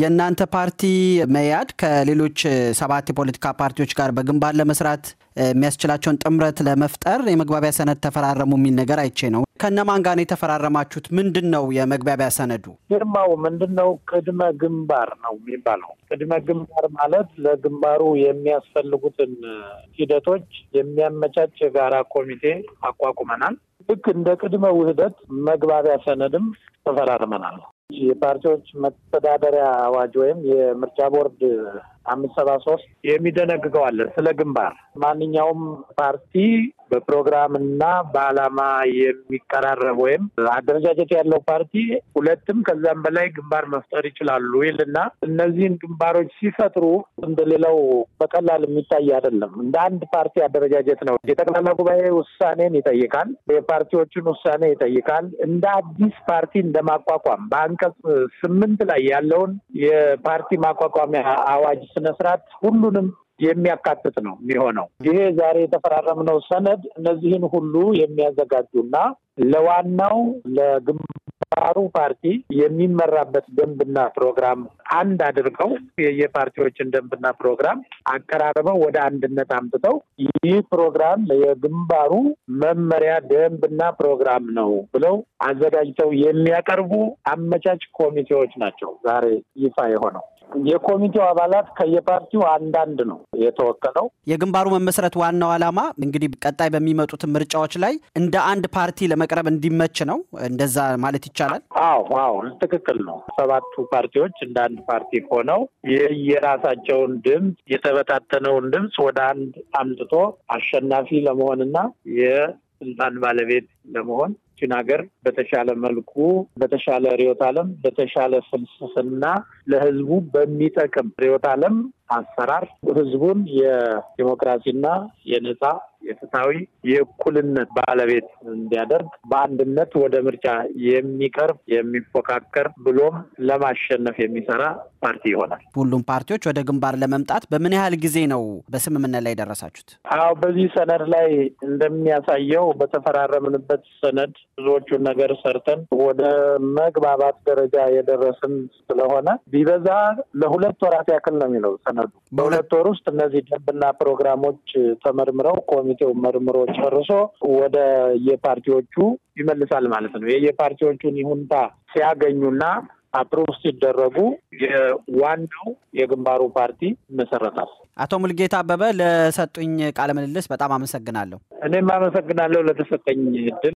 የእናንተ ፓርቲ መያድ ከሌሎች ሰባት የፖለቲካ ፓርቲዎች ጋር በግንባር ለመስራት የሚያስችላቸውን ጥምረት ለመፍጠር የመግባቢያ ሰነድ ተፈራረሙ የሚል ነገር አይቼ ነው። ከእነማን ጋር ነው የተፈራረማችሁት? ምንድን ነው የመግባቢያ ሰነዱ? ፊርማው ምንድን ነው? ቅድመ ግንባር ነው የሚባለው። ቅድመ ግንባር ማለት ለግንባሩ የሚያስፈልጉትን ሂደቶች የሚያመቻች የጋራ ኮሚቴ አቋቁመናል። ልክ እንደ ቅድመ ውህደት መግባቢያ ሰነድም ተፈራርመናል። የፓርቲዎች መተዳደሪያ አዋጅ ወይም የምርጫ ቦርድ አምስት ሰባ ሶስት የሚደነግገው አለ። ስለ ግንባር ማንኛውም ፓርቲ በፕሮግራም እና በዓላማ የሚቀራረብ ወይም አደረጃጀት ያለው ፓርቲ ሁለትም ከዛም በላይ ግንባር መፍጠር ይችላሉ ይልና እነዚህን ግንባሮች ሲፈጥሩ እንደሌላው በቀላል የሚታይ አይደለም። እንደ አንድ ፓርቲ አደረጃጀት ነው። የጠቅላላ ጉባኤ ውሳኔን ይጠይቃል። የፓርቲዎችን ውሳኔ ይጠይቃል። እንደ አዲስ ፓርቲ እንደማቋቋም በአንቀጽ ስምንት ላይ ያለውን የፓርቲ ማቋቋሚያ አዋጅ ስነስርዓት ሁሉንም የሚያካትት ነው የሚሆነው። ይሄ ዛሬ የተፈራረምነው ሰነድ እነዚህን ሁሉ የሚያዘጋጁና ለዋናው ለግንባሩ ፓርቲ የሚመራበት ደንብና ፕሮግራም አንድ አድርገው የየፓርቲዎችን ደንብና ፕሮግራም አቀራርበው ወደ አንድነት አምጥተው ይህ ፕሮግራም የግንባሩ መመሪያ ደንብና ፕሮግራም ነው ብለው አዘጋጅተው የሚያቀርቡ አመቻች ኮሚቴዎች ናቸው ዛሬ ይፋ የሆነው። የኮሚቴው አባላት ከየፓርቲው አንዳንድ ነው የተወከለው። የግንባሩ መመስረት ዋናው ዓላማ እንግዲህ ቀጣይ በሚመጡት ምርጫዎች ላይ እንደ አንድ ፓርቲ ለመቅረብ እንዲመች ነው። እንደዛ ማለት ይቻላል? አዎ፣ አዎ፣ ትክክል ነው። ሰባቱ ፓርቲዎች እንደ አንድ ፓርቲ ሆነው የየራሳቸውን ድምፅ የተበታተነውን ድምፅ ወደ አንድ አምጥቶ አሸናፊ ለመሆንና ስልጣን ባለቤት ለመሆን ችን ሀገር በተሻለ መልኩ በተሻለ ሪዮት ዓለም በተሻለ ፍልስፍና ለህዝቡ በሚጠቅም ሪዮት ዓለም አሰራር ህዝቡን የዲሞክራሲና የነጻ የፍትሐዊ የእኩልነት ባለቤት እንዲያደርግ በአንድነት ወደ ምርጫ የሚቀርብ የሚፎካከር ብሎም ለማሸነፍ የሚሰራ ፓርቲ ይሆናል። ሁሉም ፓርቲዎች ወደ ግንባር ለመምጣት በምን ያህል ጊዜ ነው በስምምነት ላይ ደረሳችሁት አዎ በዚህ ሰነድ ላይ እንደሚያሳየው በተፈራረምንበት ሰነድ ብዙዎቹን ነገር ሰርተን ወደ መግባባት ደረጃ የደረስን ስለሆነ ቢበዛ ለሁለት ወራት ያክል ነው የሚለው ሰነ ሰነዱ በሁለት ወር ውስጥ እነዚህ ደንብና ፕሮግራሞች ተመርምረው ኮሚቴው መርምሮ ጨርሶ ወደ የፓርቲዎቹ ይመልሳል ማለት ነው። የየፓርቲዎቹን ይሁንታ ሲያገኙና አፕሮቭ ሲደረጉ የዋናው የግንባሩ ፓርቲ መሰረታል። አቶ ሙልጌታ አበበ ለሰጡኝ ቃለ ምልልስ በጣም አመሰግናለሁ። እኔም አመሰግናለሁ ለተሰጠኝ እድል።